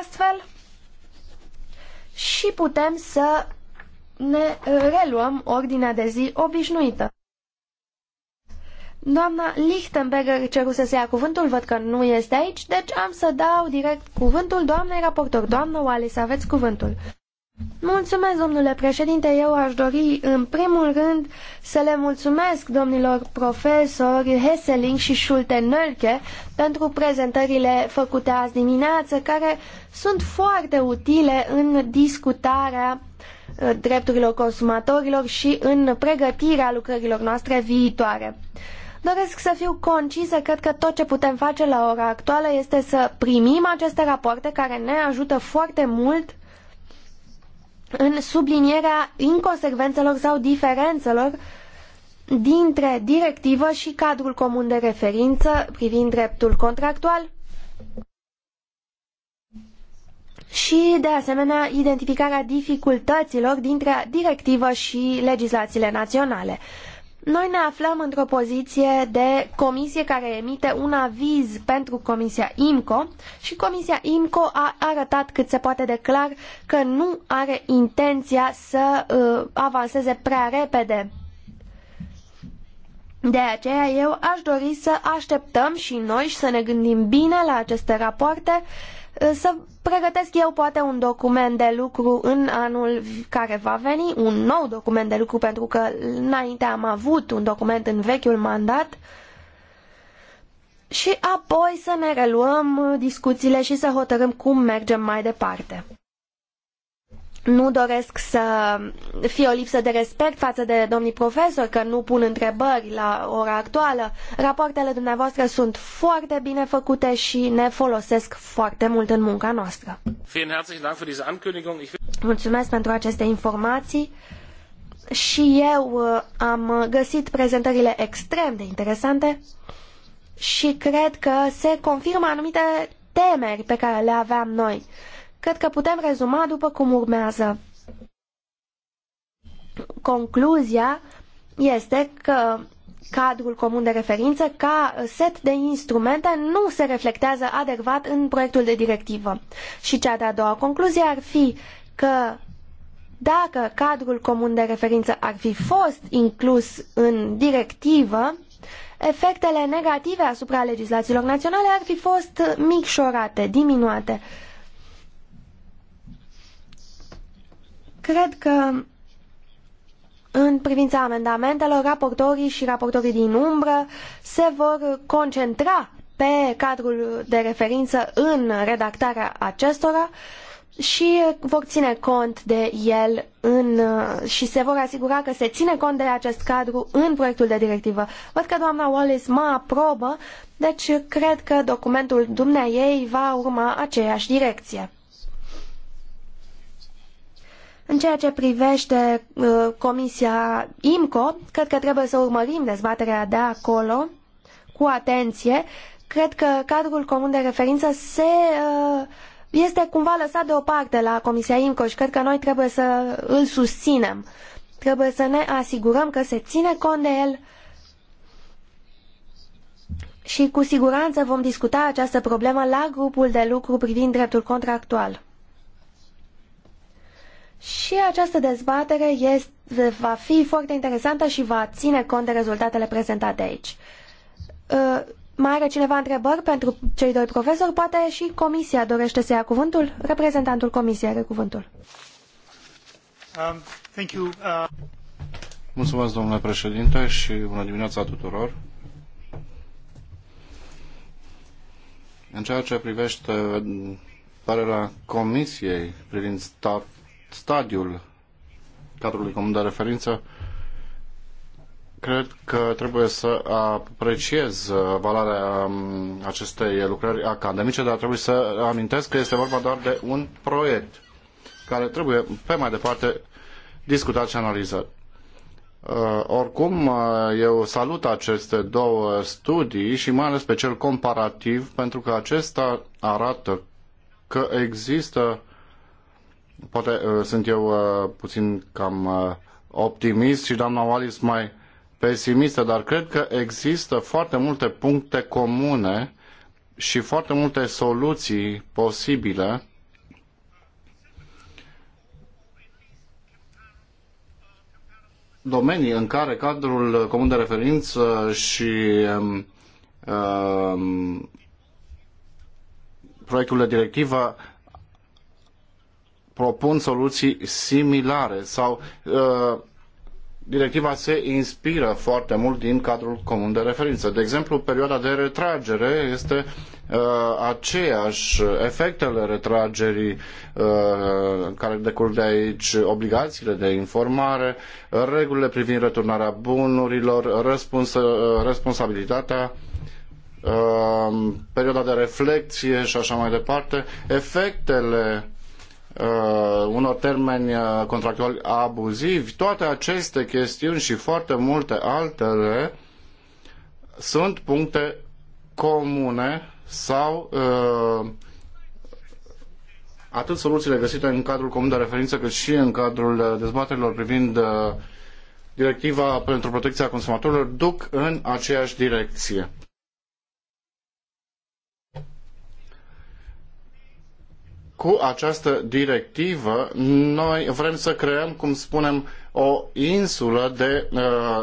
astfel și putem să ne uh, reluăm ordinea de zi obișnuită. Doamna Lichtenberger ceruse să ia cuvântul, văd că nu este aici, deci am să dau direct cuvântul doamnei raportor. Doamnă Wallis, aveți cuvântul. Mulțumesc, domnule președinte. Eu aș dori, în primul rând, să le mulțumesc domnilor profesori Hesseling și Schulte-Nölke pentru prezentările făcute azi dimineață, care sunt foarte utile în discutarea uh, drepturilor consumatorilor și în pregătirea lucrărilor noastre viitoare. Doresc să fiu concisă, cred că tot ce putem face la ora actuală este să primim aceste rapoarte care ne ajută foarte mult în sublinierea inconsecvențelor sau diferențelor dintre directivă și cadrul comun de referință privind dreptul contractual și, de asemenea, identificarea dificultăților dintre directivă și legislațiile naționale. Noi ne aflăm într-o poziție de comisie care emite un aviz pentru Comisia IMCO și Comisia IMCO a arătat cât se poate de clar că nu are intenția să uh, avanseze prea repede. De aceea eu aș dori să așteptăm și noi și să ne gândim bine la aceste rapoarte, uh, să pregătesc eu poate un document de lucru în anul care va veni, un nou document de lucru, pentru că înainte am avut un document în vechiul mandat, și apoi să ne reluăm discuțiile și să hotărâm cum mergem mai departe nu doresc să fie o lipsă de respect față de domnii profesori, că nu pun întrebări la ora actuală. Rapoartele dumneavoastră sunt foarte bine făcute și ne folosesc foarte mult în munca noastră. Mulțumesc pentru aceste informații. Și eu uh, am găsit prezentările extrem de interesante și cred că se confirmă anumite temeri pe care le aveam noi. Cred că putem rezuma după cum urmează. Concluzia este că cadrul comun de referință ca set de instrumente nu se reflectează adecvat în proiectul de directivă. Și cea de-a doua concluzie ar fi că dacă cadrul comun de referință ar fi fost inclus în directivă, efectele negative asupra legislațiilor naționale ar fi fost micșorate, diminuate. Cred că în privința amendamentelor, raportorii și raportorii din umbră se vor concentra pe cadrul de referință în redactarea acestora și vor ține cont de el în, și se vor asigura că se ține cont de acest cadru în proiectul de directivă. Văd că doamna Wallace mă aprobă, deci cred că documentul dumneaei va urma aceeași direcție. În ceea ce privește uh, Comisia IMCO, cred că trebuie să urmărim dezbaterea de acolo cu atenție. Cred că cadrul comun de referință se, uh, este cumva lăsat deoparte la Comisia IMCO și cred că noi trebuie să îl susținem. Trebuie să ne asigurăm că se ține cont de el și cu siguranță vom discuta această problemă la grupul de lucru privind dreptul contractual. Și această dezbatere este, va fi foarte interesantă și va ține cont de rezultatele prezentate aici. Uh, mai are cineva întrebări pentru cei doi profesori? Poate și comisia dorește să ia cuvântul? Reprezentantul comisiei are cuvântul. Um, thank you. Uh... Mulțumesc, domnule președinte, și bună dimineața tuturor. În ceea ce privește părerea Comisiei privind stat stadiul cadrului comun de referință, cred că trebuie să apreciez uh, valoarea um, acestei lucrări academice, dar trebuie să amintesc că este vorba doar de un proiect care trebuie pe mai departe discutat și analizat. Uh, oricum, uh, eu salut aceste două studii și mai ales pe cel comparativ, pentru că acesta arată că există Poate uh, sunt eu uh, puțin cam uh, optimist și doamna Wallis mai pesimistă, dar cred că există foarte multe puncte comune și foarte multe soluții posibile domenii în care cadrul comun de referință și um, um, proiectul de directivă propun soluții similare sau uh, directiva se inspiră foarte mult din cadrul comun de referință. De exemplu, perioada de retragere este uh, aceeași, efectele retragerii uh, care decurg de aici, obligațiile de informare, regulile privind returnarea bunurilor, răspuns, uh, responsabilitatea uh, perioada de reflexie și așa mai departe, efectele Uh, unor termeni uh, contractuali abuzivi, toate aceste chestiuni și foarte multe altele sunt puncte comune sau uh, atât soluțiile găsite în cadrul comun de referință cât și în cadrul dezbaterilor privind directiva pentru protecția consumatorilor duc în aceeași direcție. cu această directivă noi vrem să creăm, cum spunem, o insulă de uh,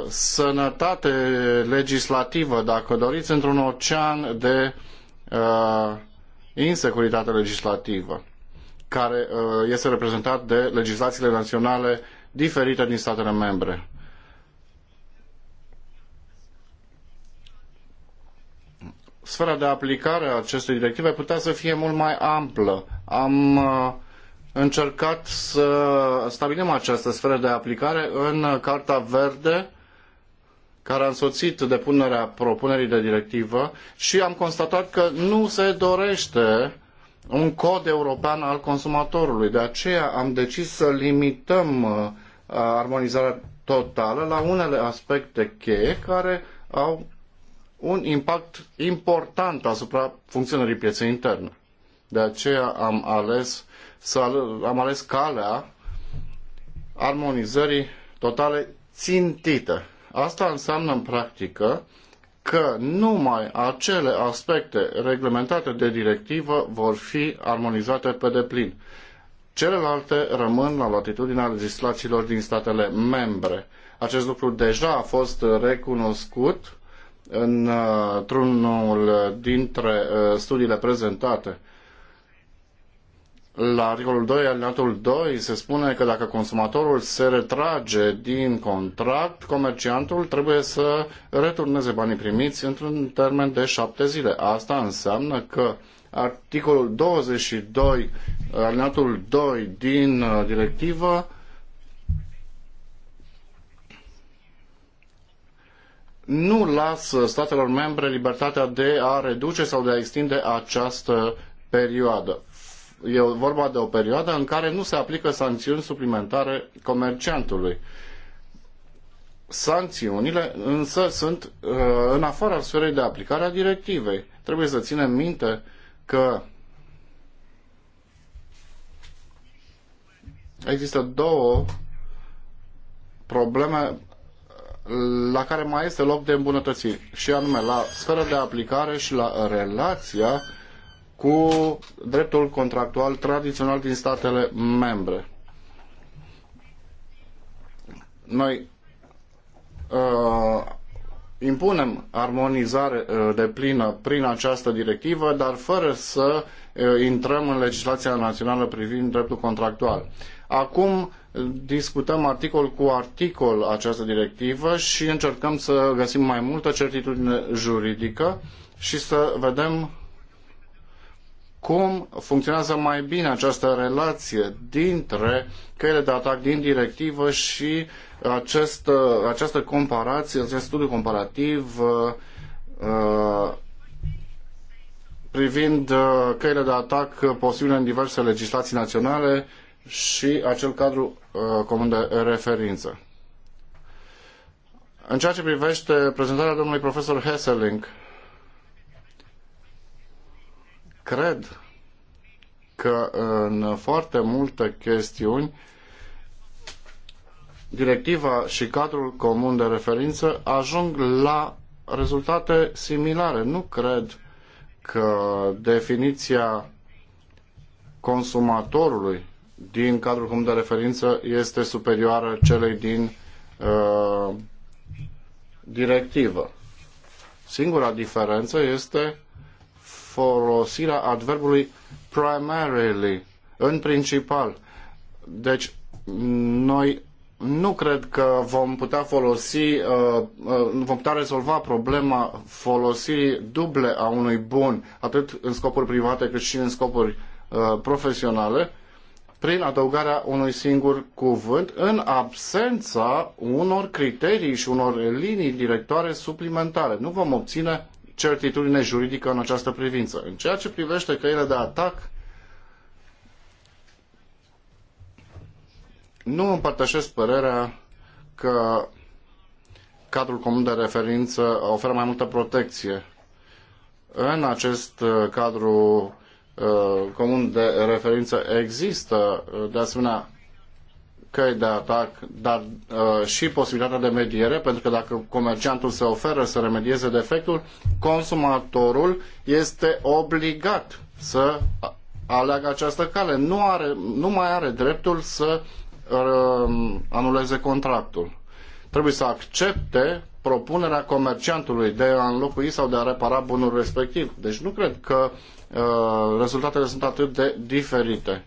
sănătate legislativă, dacă doriți, într-un ocean de uh, insecuritate legislativă, care uh, este reprezentat de legislațiile naționale diferite din statele membre. sfera de aplicare a acestei directive putea să fie mult mai amplă. Am uh, încercat să stabilim această sferă de aplicare în Carta Verde care a însoțit depunerea propunerii de directivă și am constatat că nu se dorește un cod european al consumatorului. De aceea am decis să limităm uh, armonizarea totală la unele aspecte cheie care au un impact important asupra funcționării pieței interne. De aceea am ales, să, am ales calea armonizării totale țintită. Asta înseamnă în practică că numai acele aspecte reglementate de directivă vor fi armonizate pe deplin. Celelalte rămân la latitudinea legislațiilor din statele membre. Acest lucru deja a fost recunoscut într-unul dintre uh, studiile prezentate. La articolul 2, alineatul 2, se spune că dacă consumatorul se retrage din contract, comerciantul trebuie să returneze banii primiți într-un termen de șapte zile. Asta înseamnă că articolul 22, alineatul 2 din uh, directivă nu lasă statelor membre libertatea de a reduce sau de a extinde această perioadă. E vorba de o perioadă în care nu se aplică sancțiuni suplimentare comerciantului. Sancțiunile însă sunt uh, în afara sferei de aplicare a directivei. Trebuie să ținem minte că există două probleme la care mai este loc de îmbunătățiri, și anume la sfera de aplicare și la relația cu dreptul contractual tradițional din statele membre. Noi uh, impunem armonizare uh, de plină prin această directivă, dar fără să uh, intrăm în legislația națională privind dreptul contractual. Acum discutăm articol cu articol această directivă și încercăm să găsim mai multă certitudine juridică și să vedem cum funcționează mai bine această relație dintre căile de atac din directivă și acest, această comparație, acest studiu comparativ uh, uh privind uh, căile de atac posibile în diverse legislații naționale și acel cadru uh, comun de referință. În ceea ce privește prezentarea domnului profesor Hesseling, cred că în foarte multe chestiuni directiva și cadrul comun de referință ajung la rezultate similare. Nu cred că definiția consumatorului din cadrul comun de referință este superioară celei din uh, directivă. Singura diferență este folosirea adverbului primarily, în principal. Deci, noi nu cred că vom putea folosi, uh, uh, vom putea rezolva problema folosirii duble a unui bun, atât în scopuri private cât și în scopuri uh, profesionale, prin adăugarea unui singur cuvânt în absența unor criterii și unor linii directoare suplimentare. Nu vom obține certitudine juridică în această privință. În ceea ce privește căile de atac, nu împărtășesc părerea că cadrul comun de referință oferă mai multă protecție. În acest uh, cadru Uh, comun de referință există uh, de asemenea căi de atac, dar uh, și posibilitatea de mediere, pentru că dacă comerciantul se oferă să remedieze defectul, consumatorul este obligat să aleagă această cale. Nu, are, nu mai are dreptul să uh, anuleze contractul. Trebuie să accepte propunerea comerciantului de a înlocui sau de a repara bunul respectiv. Deci nu cred că uh, Uh, rezultatele sunt atât de diferite.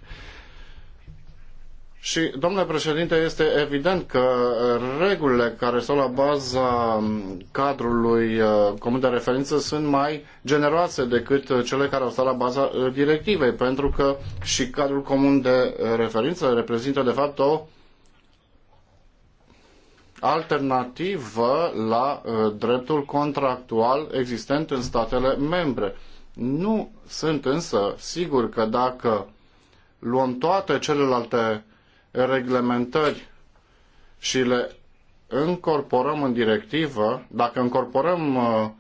Și, domnule președinte, este evident că uh, regulile care stau la baza um, cadrului uh, comun de referință sunt mai generoase decât cele care au stat la baza directivei, pentru că și cadrul comun de referință reprezintă, de fapt, o alternativă la dreptul contractual existent în statele membre. Nu sunt însă sigur că dacă luăm toate celelalte reglementări și le încorporăm în directivă, dacă încorporăm uh,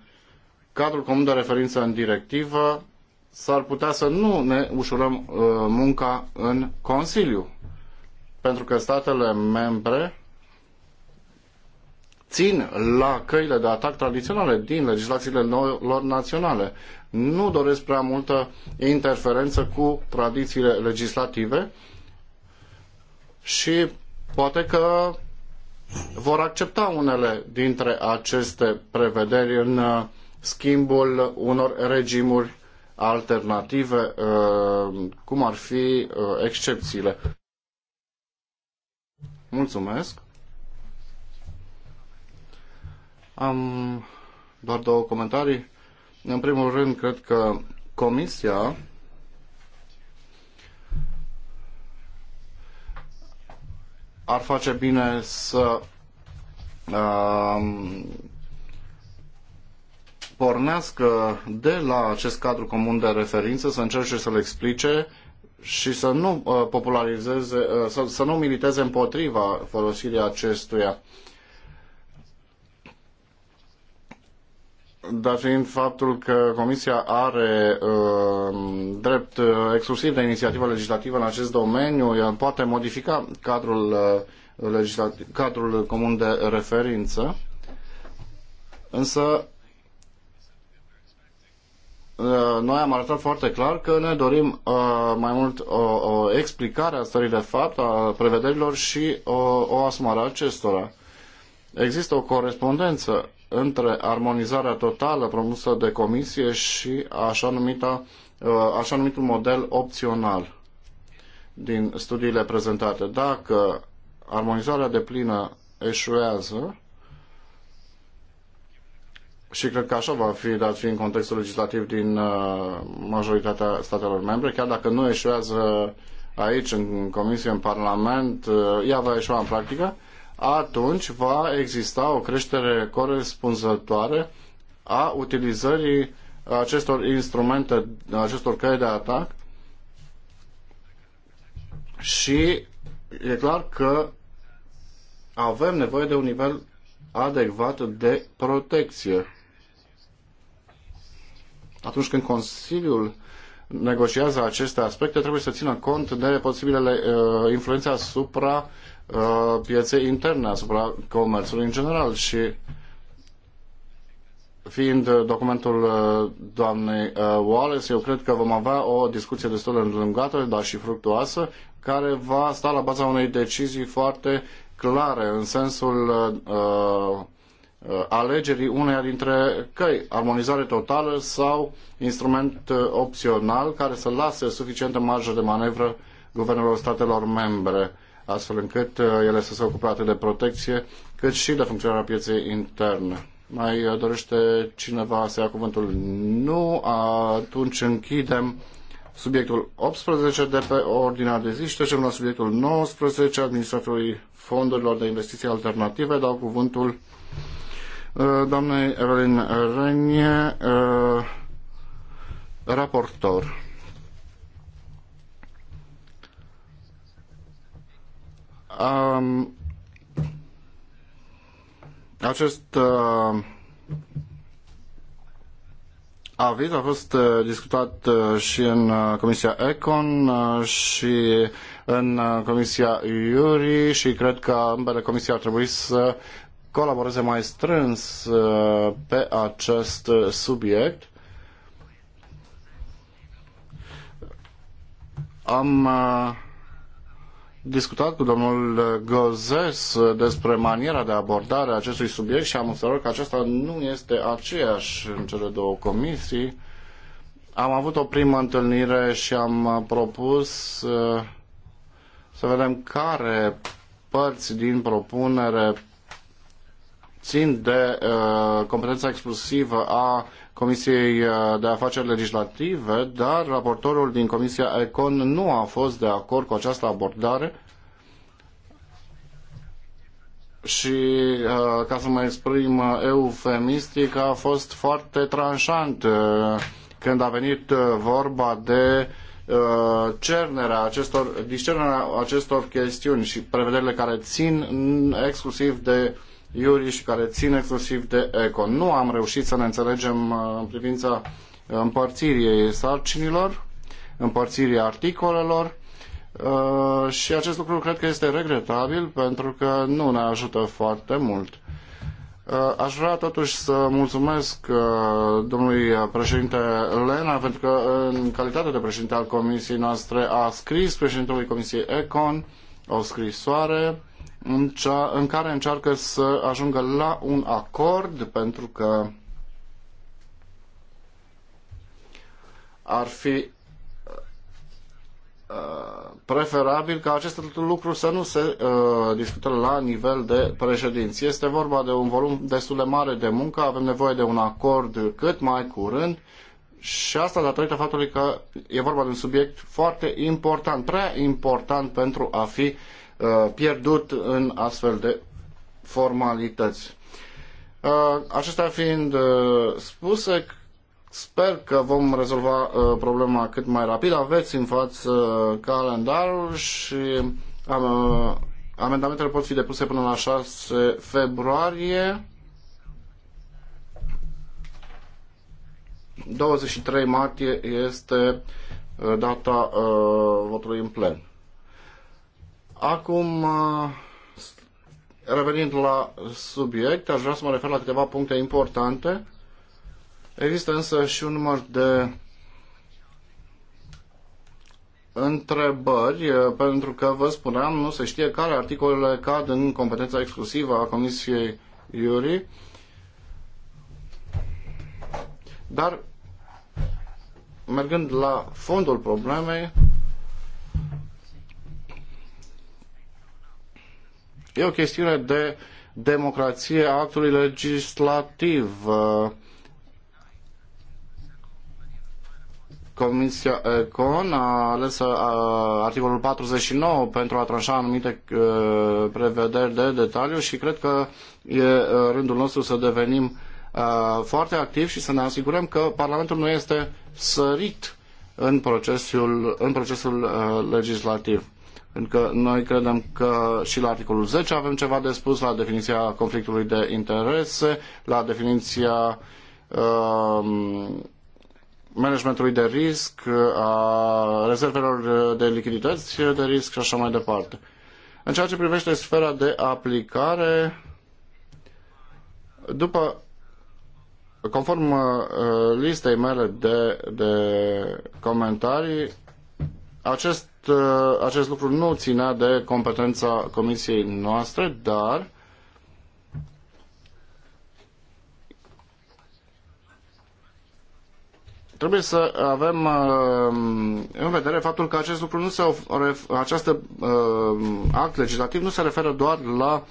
cadrul comun de referință în directivă, s-ar putea să nu ne ușurăm uh, munca în Consiliu. Pentru că statele membre țin la căile de atac tradiționale din legislațiile lor naționale. Nu doresc prea multă interferență cu tradițiile legislative și poate că vor accepta unele dintre aceste prevederi în uh, schimbul unor regimuri alternative, uh, cum ar fi uh, excepțiile. Mulțumesc! Am doar două comentarii. În primul rând, cred că Comisia ar face bine să um, pornească de la acest cadru comun de referință, să încerce să-l explice și să nu uh, popularizeze, uh, să, să nu militeze împotriva folosirii acestuia. Uh, dar fiind faptul că Comisia are uh, drept uh, exclusiv de inițiativă legislativă în acest domeniu, poate modifica cadrul, uh, cadrul comun de referință, însă uh, noi am arătat foarte clar că ne dorim uh, mai mult o, o, explicare a stării de fapt, a prevederilor și o, o asumare a acestora. Există o corespondență între armonizarea totală promusă de comisie și așa, numita, uh, așa numitul model opțional din studiile prezentate. Dacă armonizarea de plină eșuează, și cred că așa va fi, dat fi în contextul legislativ din uh, majoritatea statelor membre, chiar dacă nu eșuează aici, în comisie, în Parlament, uh, ea va eșua în practică, atunci va exista o creștere corespunzătoare a utilizării acestor instrumente, acestor căi de atac și e clar că avem nevoie de un nivel adecvat de protecție. Atunci când Consiliul negociază aceste aspecte, trebuie să țină cont de posibilele uh, influențe asupra Uh, pieței interne, asupra comerțului în general și fiind documentul uh, doamnei uh, Wallace, eu cred că vom avea o discuție destul de îndelungată, dar și fructuoasă, care va sta la baza unei decizii foarte clare în sensul uh, alegerii uneia dintre căi, armonizare totală sau instrument opțional care să lase suficientă marjă de manevră guvernelor statelor membre astfel încât uh, ele să se ocupe atât de protecție, cât și de funcționarea pieței interne. Mai uh, dorește cineva să ia cuvântul? Nu, atunci închidem subiectul 18 de pe ordinea de zi și trecem la subiectul 19, administratorului fondurilor de investiții alternative. Dau cuvântul uh, doamnei Evelyn Renie, raportor. Um, acest uh, aviz a fost uh, discutat uh, și în uh, Comisia Econ și în Comisia Iuri și cred că ambele comisii ar trebui să colaboreze mai strâns pe acest subiect. Am discutat cu domnul Gozes despre maniera de abordare a acestui subiect și am observat că acesta nu este aceeași în cele două comisii. Am avut o primă întâlnire și am propus uh, să vedem care părți din propunere țin de uh, competența exclusivă a Comisiei uh, de Afaceri Legislative, dar raportorul din Comisia Econ nu a fost de acord cu această abordare și, uh, ca să mă exprim eufemistic, a fost foarte tranșant când a venit vorba de cernerea acestor, discernerea acestor chestiuni și prevederile care țin mm, exclusiv de Iuriș, care țin exclusiv de Econ. Nu am reușit să ne înțelegem uh, în privința împărțirii sarcinilor, împărțirii articolelor uh, și acest lucru cred că este regretabil pentru că nu ne ajută foarte mult. Uh, aș vrea totuși să mulțumesc domnului președinte Lena pentru că în calitate de președinte al comisiei noastre a scris președintelui comisiei Econ o scrisoare în, cea, în care încearcă să ajungă la un acord pentru că ar fi uh, preferabil ca acest lucru să nu se uh, discute la nivel de președinți. Este vorba de un volum destul de mare de muncă, avem nevoie de un acord cât mai curând și asta datorită faptului că e vorba de un subiect foarte important, prea important pentru a fi Uh, pierdut în astfel de formalități. Uh, acestea fiind uh, spuse, sper că vom rezolva problema cât mai rapid. Aveți în față calendarul și amendamentele pot fi depuse până la 6 februarie. 23 martie este data votului în plen. Acum, uh, revenind la subiect, aș vrea să mă refer la câteva puncte importante. Există însă și un număr de întrebări, uh, pentru că vă spuneam, nu se știe care articolele cad în competența exclusivă a Comisiei Iuri. Dar, mergând la fondul problemei, E o chestiune de democrație a actului legislativ. Comisia Econ a ales articolul 49 pentru a tranșa anumite uh, prevederi de detaliu și cred că e uh, rândul nostru să devenim uh, foarte activi și să ne asigurăm că Parlamentul nu este sărit în procesul, în procesul legislativ pentru că noi credem că și la articolul 10 avem ceva de spus, la definiția conflictului de interese, la definiția um, managementului de risc, a rezervelor de lichidități de risc și așa mai departe. În ceea ce privește sfera de aplicare, după conform uh, listei mele de, de comentarii, acest Uh, acest lucru nu ținea de competența comisiei noastre, dar trebuie să avem uh, în vedere faptul că acest lucru nu se această uh, act legislativ nu se referă doar la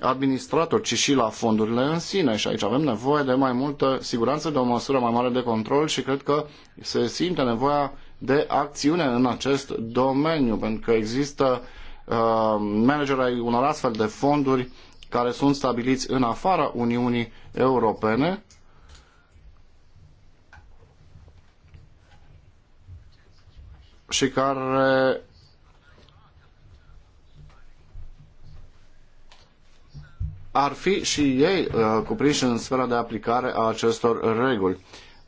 administrator, ci și la fondurile în sine și aici avem nevoie de mai multă siguranță, de o măsură mai mare de control și cred că se simte nevoia de acțiune în acest domeniu, pentru că există uh, manageri ai unor astfel de fonduri care sunt stabiliți în afara Uniunii Europene. și care ar fi și ei uh, cuprinși în sfera de aplicare a acestor reguli.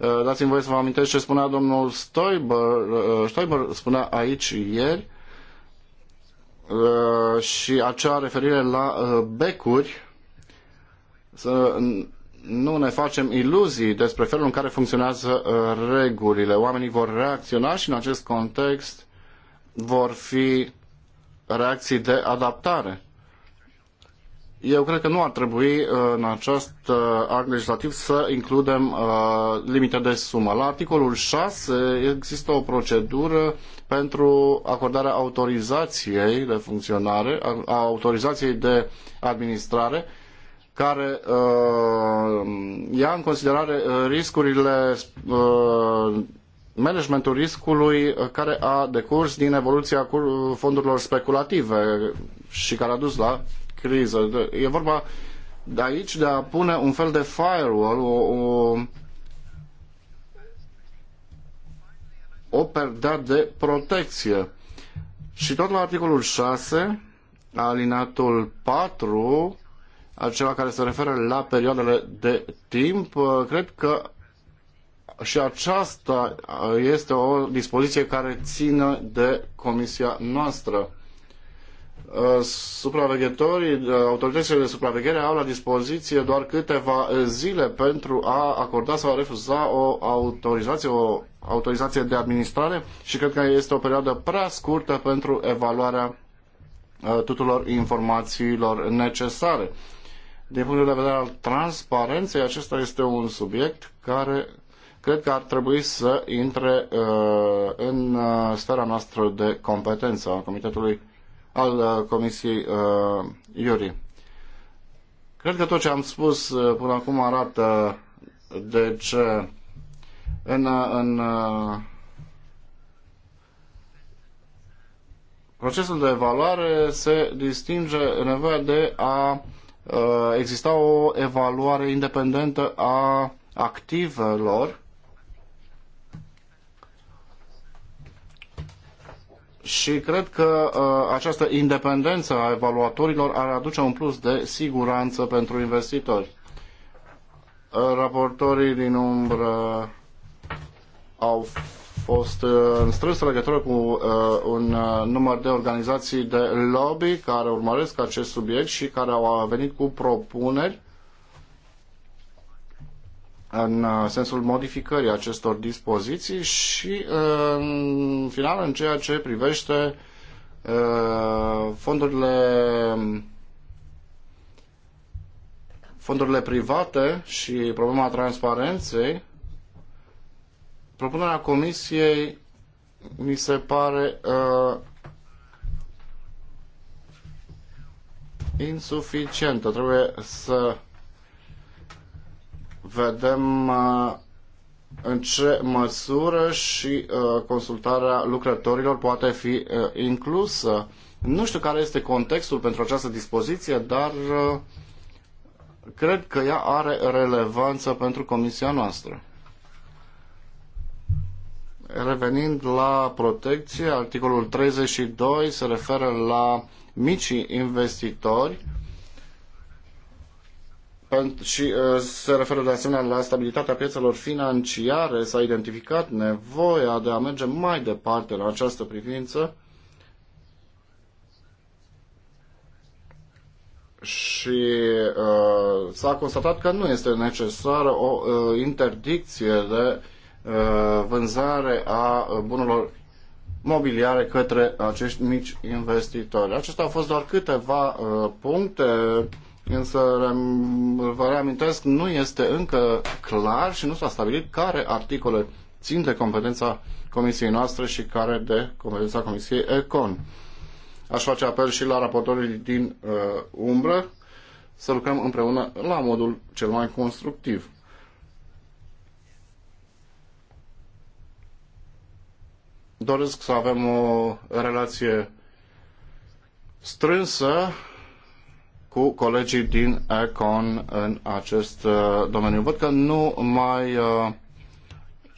Eh, dați-mi voie să vă amintesc ce spunea domnul Stoiber, eh, Stoiber spunea aici ieri eh, și acea referire la becuri să nu ne facem iluzii despre felul în care funcționează regulile. Oamenii vor reacționa și în acest context vor fi reacții de adaptare. Eu cred că nu ar trebui uh, în acest uh, act legislativ să includem uh, limite de sumă. La articolul 6 există o procedură pentru acordarea autorizației de funcționare, a autorizației de administrare, care ia în considerare riscurile, managementul riscului care a decurs din evoluția fondurilor speculative și care a dus la criză. E vorba de aici de a pune un fel de firewall, o, o, o perdea de protecție. Și tot la articolul 6, alinatul 4, acela care se referă la perioadele de timp, cred că și aceasta este o dispoziție care ține de comisia noastră. Uh, supraveghetorii, uh, autoritățile de supraveghere au la dispoziție doar câteva zile pentru a acorda sau a refuza o autorizație, o autorizație de administrare și cred că este o perioadă prea scurtă pentru evaluarea uh, tuturor informațiilor necesare. Din punctul de vedere al transparenței, acesta este un subiect care cred că ar trebui să intre în sfera noastră de competență a Comitetului al uh, Comisiei uh, Iuri. Cred că tot ce am spus uh, până acum arată de ce în, uh, în procesul de evaluare se distinge nevoia de a exista o evaluare independentă a activelor și cred că uh, această independență a evaluatorilor ar aduce un plus de siguranță pentru investitori. Uh, raportorii din umbră au fost uh, în strânsă legătură cu uh, un uh, număr de organizații de lobby care urmăresc acest subiect și care au venit cu propuneri în uh, sensul modificării acestor dispoziții și uh, în final în ceea ce privește uh, fondurile fondurile private și problema transparenței propunerea comisiei mi se pare uh, insuficientă. Trebuie să vedem uh, în ce măsură și uh, consultarea lucrătorilor poate fi uh, inclusă. Nu știu care este contextul pentru această dispoziție, dar cred că ea are relevanță pentru comisia noastră. Revenind la protecție, articolul 32 se referă la micii investitori și uh, se referă de asemenea la stabilitatea piețelor financiare. S-a identificat nevoia de a merge mai departe la această privință și uh, s-a constatat că nu este necesară o uh, interdicție de uh, vânzare a bunurilor mobiliare către acești mici investitori. Acestea au fost doar câteva uh, puncte însă vă reamintesc, nu este încă clar și nu s-a stabilit care articole țin de competența comisiei noastre și care de competența comisiei ECON. Aș face apel și la raportorii din uh, umbră să lucrăm împreună la modul cel mai constructiv. Doresc să avem o relație strânsă cu colegii din Econ în acest uh, domeniu. Văd că nu mai uh,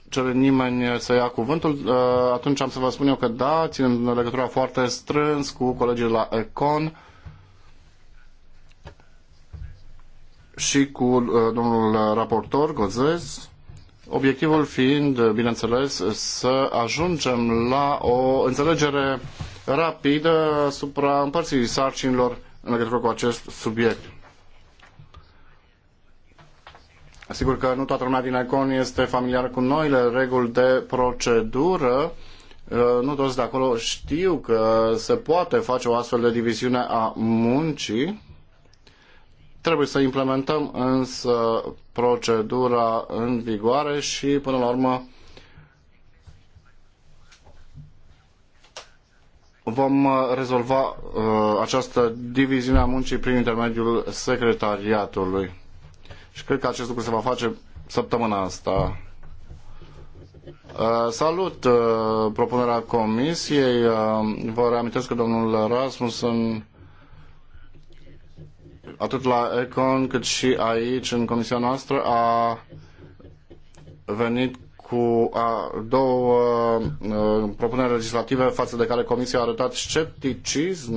cere nimeni să ia cuvântul, uh, atunci am să vă spun eu că da, țin legătura foarte strâns cu colegii de la Econ și cu domnul raportor Gozez. obiectivul fiind, bineînțeles, să ajungem la o înțelegere rapidă asupra împărțirii sarcinilor în legătură cu acest subiect. Sigur că nu toată lumea din ICON este familiară cu noile reguli de procedură. Uh, nu toți de acolo știu că se poate face o astfel de diviziune a muncii. Trebuie să implementăm însă procedura în vigoare și până la urmă vom uh, rezolva uh, această diviziune a muncii prin intermediul secretariatului. Și cred că acest lucru se va face săptămâna asta. Uh, salut propunerea comisiei. Vă reamintesc că domnul Rasmussen atât la Econ cât și aici în comisia noastră a venit cu două propuneri legislative față de care Comisia a arătat scepticism,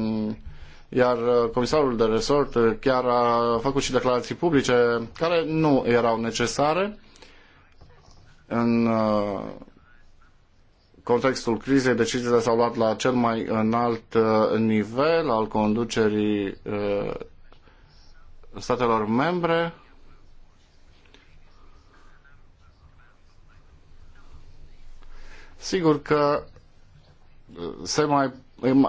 iar comisarul de resort chiar a făcut și declarații publice care nu erau necesare în contextul crizei, deciziile s-au luat la cel mai înalt nivel al conducerii statelor membre Sigur că uh, se mai,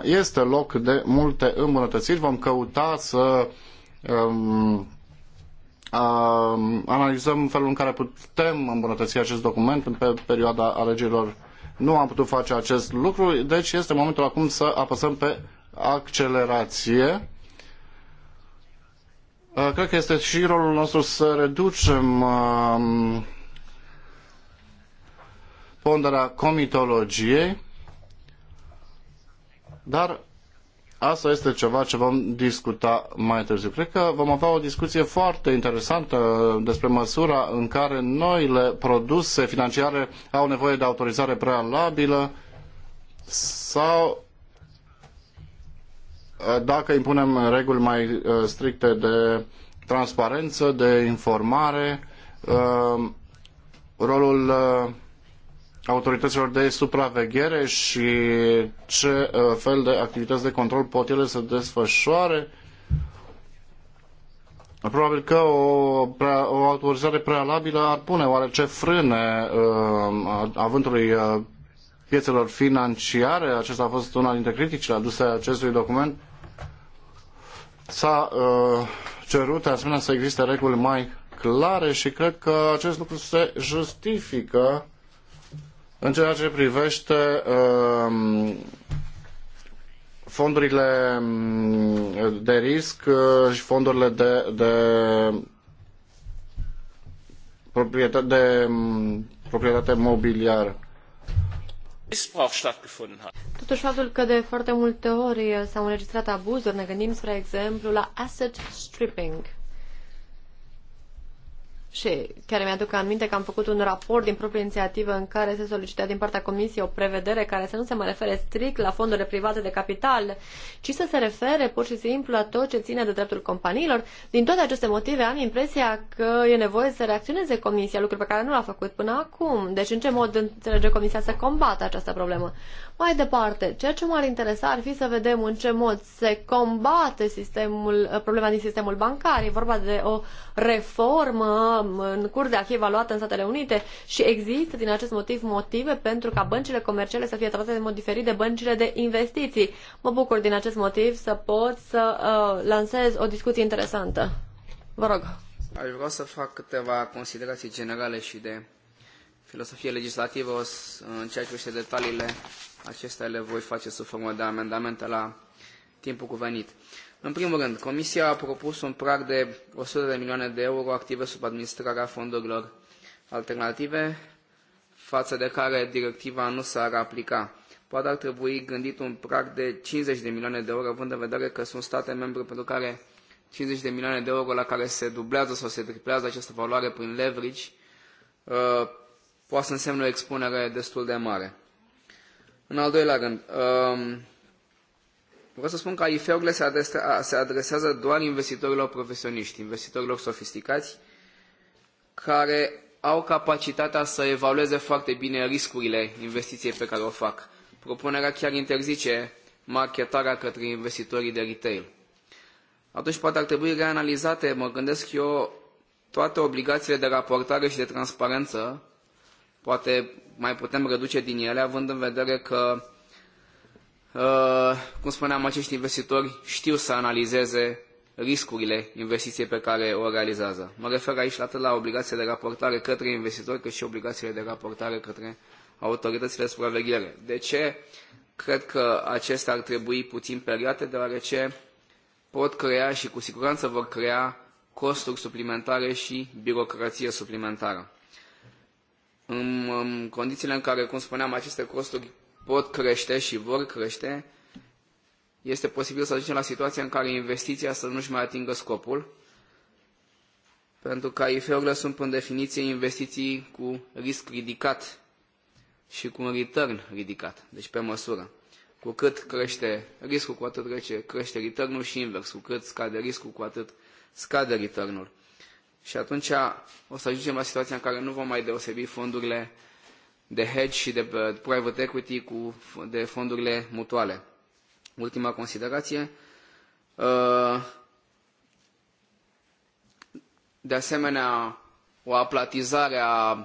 este loc de multe îmbunătățiri. Vom căuta să um, analizăm felul în care putem îmbunătăți acest document pe perioada alegerilor. Nu am putut face acest lucru, deci este momentul acum să apăsăm pe accelerație. Uh, cred că este și rolul nostru să reducem um, ponderea comitologiei, dar asta este ceva ce vom discuta mai târziu. Cred că vom avea o discuție foarte interesantă despre măsura în care noile produse financiare au nevoie de autorizare prealabilă sau uh, dacă impunem reguli mai uh, stricte de transparență, de informare, uh, rolul autorităților de supraveghere și ce uh, fel de activități de control pot ele să desfășoare. Probabil că o, prea, o autorizare prealabilă ar pune oarece frâne uh, avântului uh, piețelor financiare. Acesta a fost una dintre criticile aduse acestui document. S-a uh, cerut de asemenea să existe reguli mai clare și cred că acest lucru se justifică în ceea ce privește um, fondurile um, de risc uh, și fondurile de, de, de um, proprietate mobiliară. Totuși, faptul că de foarte multe ori s-au înregistrat abuzuri, ne gândim, spre exemplu, la asset stripping și chiar mi-aduc aminte că am făcut un raport din proprie inițiativă în care se solicita din partea Comisiei o prevedere care să nu se mai refere strict la fondurile private de capital, ci să se refere pur și simplu la tot ce ține de dreptul companiilor. Din toate aceste motive am impresia că e nevoie să reacționeze Comisia, lucru pe care nu l-a făcut până acum. Deci în ce mod înțelege Comisia să combată această problemă? Mai departe, ceea ce m-ar interesa ar fi să vedem în ce mod se combate sistemul, problema din sistemul bancar. E vorba de o reformă în curs de a fi evaluată în Statele Unite și există din acest motiv motive pentru ca băncile comerciale să fie tratate în mod diferit de băncile de investiții. Mă bucur din acest motiv să pot să uh, lansez o discuție interesantă. Vă rog. Aș vrea să fac câteva considerații generale și de filosofie legislativă. O să, în ceea ce privește detaliile acestea le voi face sub formă de amendamente la timpul cuvenit. În primul rând, Comisia a propus un prag de 100 de milioane de euro active sub administrarea fondurilor alternative, față de care directiva nu s-ar aplica. Poate ar trebui gândit un prag de 50 de milioane de euro, având în vedere că sunt state membre pentru care 50 de milioane de euro la care se dublează sau se triplează această valoare prin leverage, uh, poate să însemne o expunere destul de mare. În al doilea rând, um, Vreau să spun că IFE-urile se, se adresează doar investitorilor profesioniști, investitorilor sofisticați, care au capacitatea să evalueze foarte bine riscurile investiției pe care o fac. Propunerea chiar interzice marketarea către investitorii de retail. Atunci poate ar trebui reanalizate, mă gândesc eu, toate obligațiile de raportare și de transparență, poate mai putem reduce din ele, având în vedere că Uh, cum spuneam, acești investitori știu să analizeze riscurile investiției pe care o realizează. Mă refer aici atât la obligațiile de raportare către investitori, cât și obligațiile de raportare către autoritățile de supraveghere. De ce cred că acestea ar trebui puțin periate? Deoarece pot crea și cu siguranță vor crea costuri suplimentare și birocrație suplimentară. În, în condițiile în care, cum spuneam, aceste costuri pot crește și vor crește, este posibil să ajungem la situația în care investiția să nu-și mai atingă scopul, pentru că IFE-urile sunt, în definiție, investiții cu risc ridicat și cu un return ridicat, deci pe măsură. Cu cât crește riscul, cu atât crește, crește return-ul și invers. Cu cât scade riscul, cu atât scade return-ul. Și atunci o să ajungem la situația în care nu vom mai deosebi fondurile de hedge și de uh, private equity cu de fondurile mutuale. Ultima considerație. Uh, de asemenea, o aplatizare a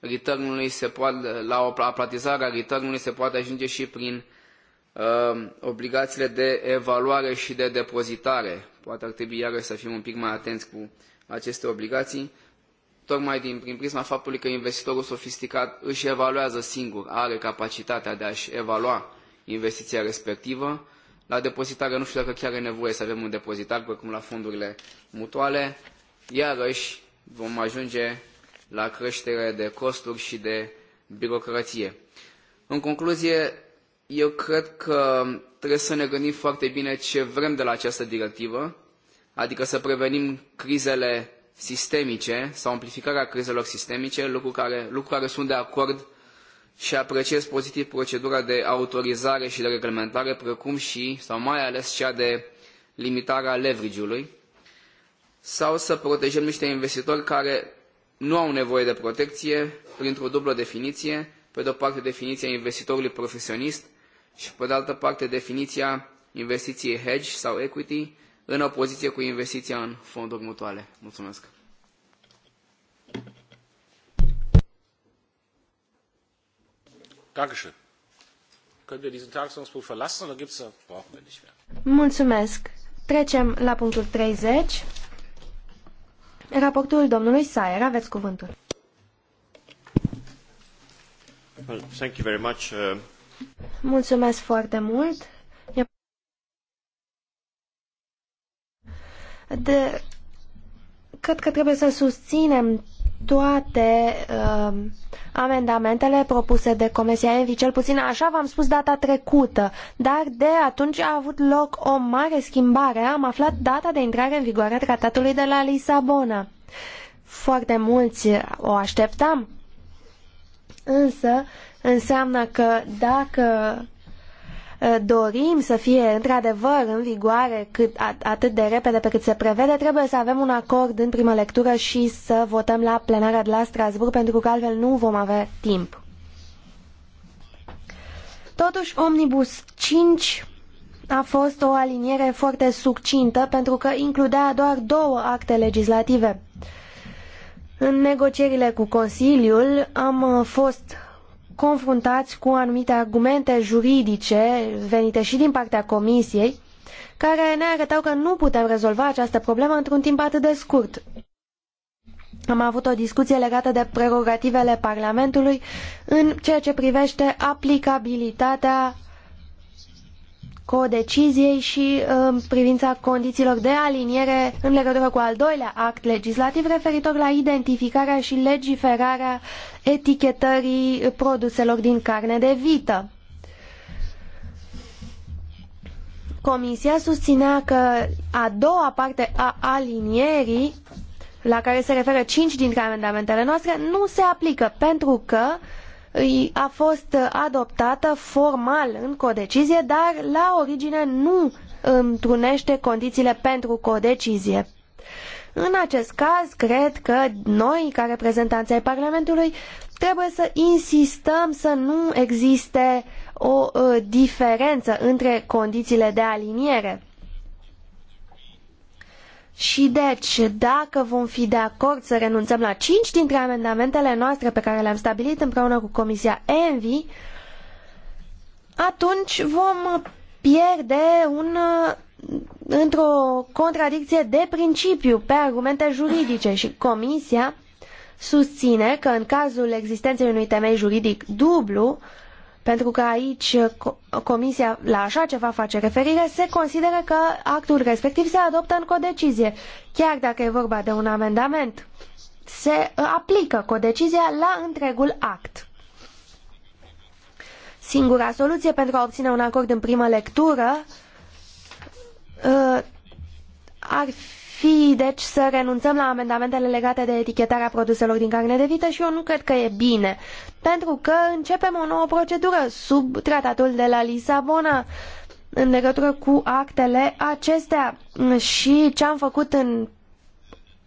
returnului se poate, la o aplatizare a returnului se poate ajunge și prin uh, obligațiile de evaluare și de depozitare. Poate ar trebui iarăși să fim un pic mai atenți cu aceste obligații tocmai din, prin prisma faptului că investitorul sofisticat își evaluează singur, are capacitatea de a-și evalua investiția respectivă. La depozitare nu știu dacă chiar e nevoie să avem un depozitar, precum la fondurile mutuale. Iarăși vom ajunge la creștere de costuri și de birocrație. În concluzie, eu cred că trebuie să ne gândim foarte bine ce vrem de la această directivă, adică să prevenim crizele sistemice sau amplificarea crizelor sistemice, lucru care, lucru care sunt de acord și apreciez pozitiv procedura de autorizare și de reglementare, precum și, sau mai ales, cea de limitare a leverage-ului, sau să protejăm niște investitori care nu au nevoie de protecție printr-o dublă definiție, pe de o parte definiția investitorului profesionist și pe de altă parte definiția investiției hedge sau equity, în opoziție cu investiția în fonduri mutuale. Mulțumesc! Da- Mulțumesc. Trecem la punctul 30. Raportul domnului Saer. Aveți cuvântul. Well, thank you very much. Uh, Mulțumesc foarte mult. de cred că trebuie să susținem toate uh, amendamentele propuse de Comisia Envi, cel puțin așa v-am spus data trecută, dar de atunci a avut loc o mare schimbare. Am aflat data de intrare în vigoare a tratatului de la Lisabona. Foarte mulți o așteptam, însă înseamnă că dacă Uh, dorim să fie într-adevăr în vigoare cât, atât de repede pe cât se prevede, trebuie să avem un acord în primă lectură și să votăm la plenarea de la Strasbourg, pentru că altfel nu vom avea timp. Totuși, Omnibus 5 a fost o aliniere foarte succintă pentru că includea doar două acte legislative. În negocierile cu Consiliul am uh, fost confruntați cu anumite argumente juridice venite și din partea Comisiei, care ne arătau că nu putem rezolva această problemă într-un timp atât de scurt. Am avut o discuție legată de prerogativele Parlamentului în ceea ce privește aplicabilitatea codeciziei și în um, privința condițiilor de aliniere în legătură cu al doilea act legislativ referitor la identificarea și legiferarea etichetării produselor din carne de vită. Comisia susținea că a doua parte a alinierii, la care se referă cinci dintre amendamentele noastre, nu se aplică pentru că uh, a fost adoptată formal în codecizie, dar la origine nu întrunește condițiile pentru codecizie. În acest caz, cred că noi, ca reprezentanți ai Parlamentului, trebuie să insistăm să nu existe o uh, diferență între condițiile de aliniere. Și deci, dacă vom fi de acord să renunțăm la cinci dintre amendamentele noastre pe care le-am stabilit împreună cu Comisia ENVI, atunci vom pierde un, într-o contradicție de principiu pe argumente juridice și Comisia susține că în cazul existenței unui temei juridic dublu, pentru că aici uh, Comisia la așa ceva face referire, se consideră că actul respectiv se adoptă în codecizie, chiar dacă e vorba de un amendament. Se uh, aplică codecizia la întregul act. Singura soluție pentru a obține un acord în primă lectură uh, ar fi, deci, să renunțăm la amendamentele legate de etichetarea produselor din carne de vită și eu nu cred că e bine, pentru că începem o nouă procedură sub tratatul de la Lisabona în legătură cu actele acestea și ce am făcut în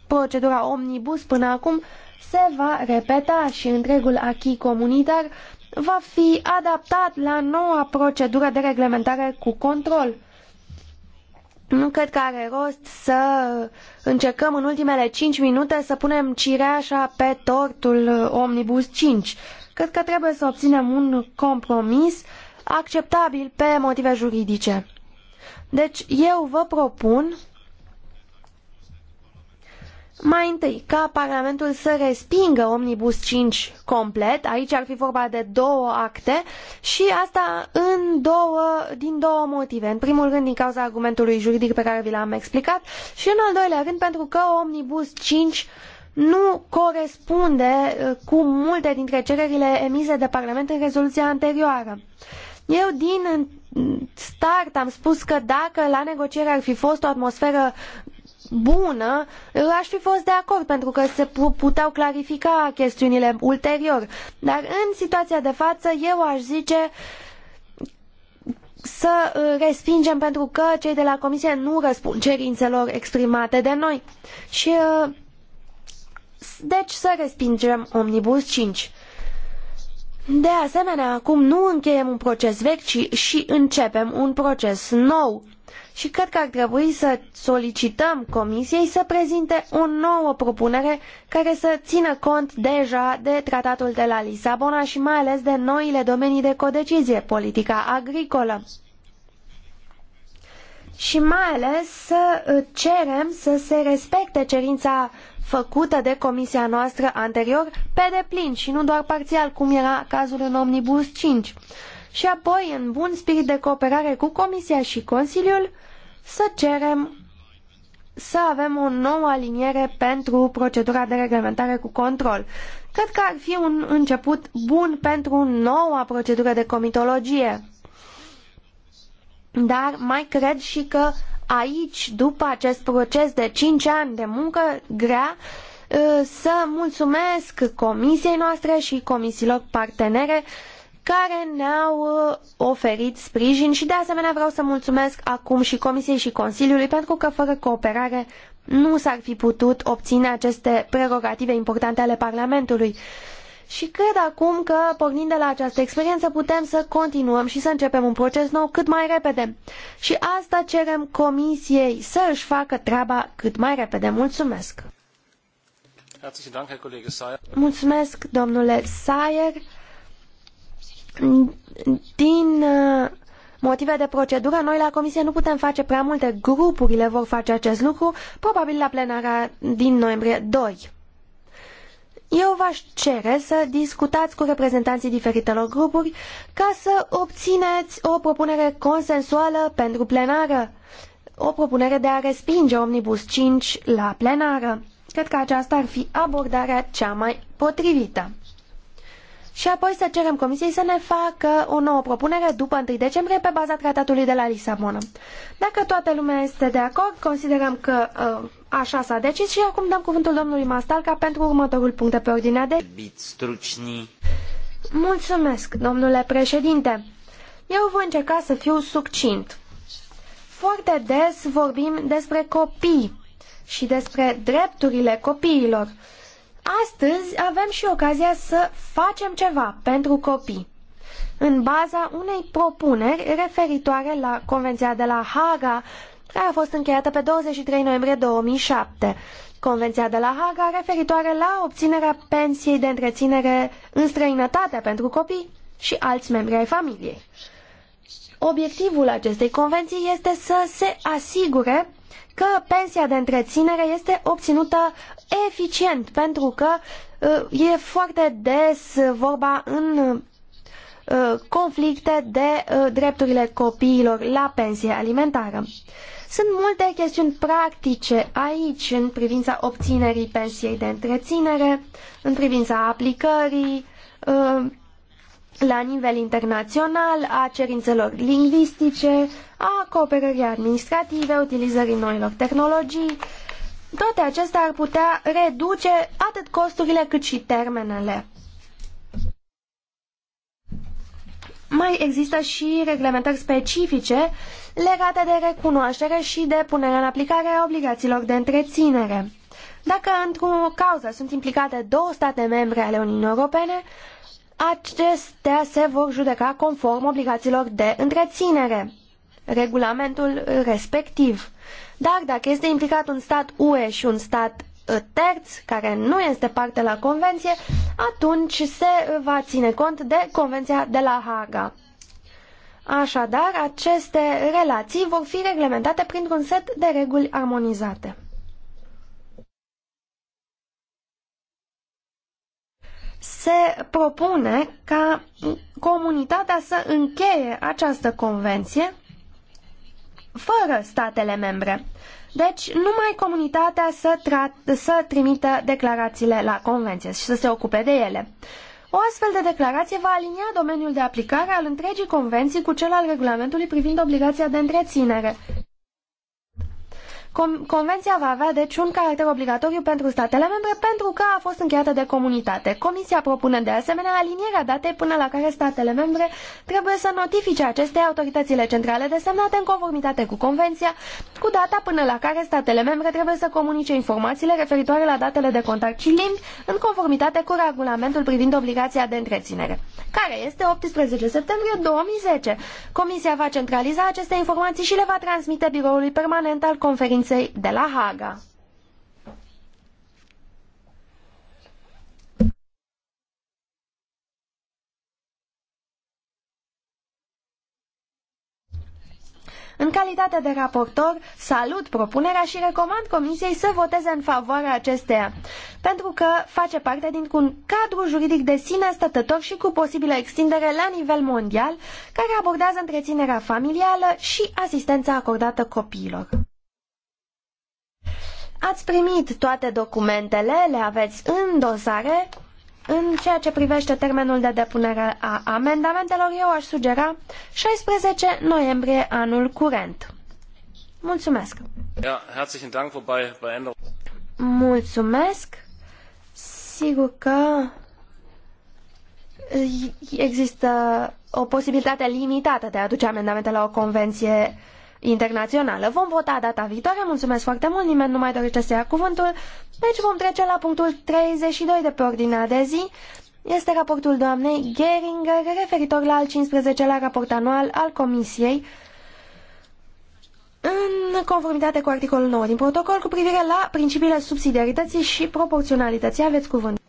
procedura omnibus până acum se va repeta și întregul achii comunitar va fi adaptat la noua procedură de reglementare cu control nu cred că are rost să încercăm în ultimele cinci minute să punem cireașa pe tortul Omnibus 5. Cred că trebuie să obținem un compromis acceptabil pe motive juridice. Deci eu vă propun mai întâi, ca Parlamentul să respingă Omnibus 5 complet, aici ar fi vorba de două acte și asta în două, din două motive. În primul rând din cauza argumentului juridic pe care vi l-am explicat și în al doilea rând pentru că Omnibus 5 nu corespunde uh, cu multe dintre cererile emise de Parlament în rezoluția anterioară. Eu din start am spus că dacă la negociere ar fi fost o atmosferă bună, aș fi fost de acord pentru că se puteau clarifica chestiunile ulterior. Dar în situația de față, eu aș zice să uh, respingem pentru că cei de la Comisie nu răspund cerințelor exprimate de noi. Și uh, deci să respingem Omnibus 5. De asemenea, acum nu încheiem un proces vechi, ci și începem un proces nou și cred că ar trebui să solicităm Comisiei să prezinte o nouă propunere care să țină cont deja de tratatul de la Lisabona și mai ales de noile domenii de codecizie, politica agricolă. Și mai ales să uh, cerem să se respecte cerința făcută de comisia noastră anterior pe deplin și nu doar parțial, cum era cazul în Omnibus 5. Și apoi, în bun spirit de cooperare cu Comisia și Consiliul, să cerem să avem o nouă aliniere pentru procedura de reglementare cu control. Cred că ar fi un început bun pentru noua procedură de comitologie. Dar mai cred și că aici, după acest proces de cinci ani de muncă grea, ă, să mulțumesc comisiei noastre și comisiilor partenere uh, care ne-au uh, oferit sprijin și de asemenea vreau să mulțumesc acum și Comisiei și Consiliului pentru că fără cooperare nu s-ar fi putut obține aceste prerogative importante ale Parlamentului. Și cred acum că, pornind de la această experiență, putem să continuăm și să începem un proces nou cât mai repede. Și asta cerem Comisiei să își facă treaba cât mai repede. Mulțumesc! Mulțumesc, domnule Sayer! Din uh, motive de procedură, noi la Comisie nu putem face prea multe. Grupurile vor face acest lucru, probabil la plenara din noiembrie 2. Eu v-aș cere să discutați cu reprezentanții diferitelor grupuri ca să obțineți o propunere consensuală pentru plenară, o propunere de a respinge Omnibus 5 la plenară. Cred că aceasta ar fi abordarea cea mai potrivită și apoi să cerem Comisiei să ne facă o nouă propunere după 1 decembrie pe baza tratatului de la Lisabona. Dacă toată lumea este de acord, considerăm că uh, așa s-a decis și acum dăm cuvântul domnului Mastalca pentru următorul punct de pe ordinea de... Mulțumesc, domnule președinte. Eu voi încerca să fiu succint. Foarte des vorbim despre copii și despre drepturile copiilor. Uh, Astăzi avem și ocazia să facem ceva pentru copii. În baza unei propuneri referitoare la Convenția de la Haga, care a fost încheiată pe 23 noiembrie 2007, Convenția de la Haga referitoare la obținerea pensiei de întreținere în străinătate pentru copii și alți membri ai familiei. Obiectivul acestei convenții este să se asigure că pensia de întreținere este obținută eficient, pentru că uh, e foarte des vorba în uh, conflicte de uh, drepturile copiilor la pensie alimentară. Sunt multe chestiuni practice aici în privința obținerii pensiei de întreținere, în privința aplicării la nivel internațional a cerințelor lingvistice, a cooperării administrative, utilizării noilor tehnologii. Toate acestea ar putea reduce atât costurile cât și termenele. Mai există și reglementări specifice legate de recunoaștere și de punere în aplicare a obligațiilor de întreținere. Dacă într-o cauză sunt implicate două state membre ale Uniunii Europene, acestea se vor judeca conform obligațiilor de întreținere regulamentul respectiv. Dar dacă este implicat un stat UE și un stat ă, terț care nu este parte la convenție, atunci se va ține cont de convenția de la Haga. Așadar, aceste relații vor fi reglementate printr-un set de reguli armonizate. se propune ca comunitatea să încheie această convenție fără statele membre. Deci, numai comunitatea să, să trimită declarațiile la convenție și să se ocupe de ele. O astfel de declarație va alinia domeniul de aplicare al întregii convenții cu cel al regulamentului privind obligația de întreținere Convenția va avea deci un caracter obligatoriu pentru statele membre pentru că a fost încheiată de comunitate. Comisia propune de asemenea alinierea datei până la care statele membre trebuie să notifice aceste autoritățile centrale desemnate în conformitate cu Convenția cu data până la care statele membre trebuie să comunice informațiile referitoare la datele de contact și limbi în conformitate cu regulamentul privind obligația de întreținere, care este 18 septembrie 2010. Comisia va centraliza aceste informații și le va transmite biroului permanent al conferinței conferinței de la Haga. În calitate de raportor, salut propunerea și recomand Comisiei să voteze în favoarea acesteia, pentru că face parte dintr-un cadru juridic de sine stătător și cu posibilă extindere la nivel mondial, care abordează întreținerea familială și asistența acordată copiilor. Ați primit toate documentele, le aveți în dosare. În ceea ce privește termenul de depunere a amendamentelor, eu aș sugera 16 noiembrie anul curent. Mulțumesc! Mulțumesc! Sigur că există o posibilitate limitată de a aduce amendamente la o convenție internațională. Vom vota data viitoare, mulțumesc foarte mult, nimeni nu mai dorește să ia cuvântul, deci vom trece la punctul 32 de pe ordinea de zi. Este raportul doamnei Geringer referitor la al 15-lea raport anual al Comisiei în conformitate cu articolul 9 din protocol cu privire la principiile subsidiarității și proporționalității. Aveți cuvânt.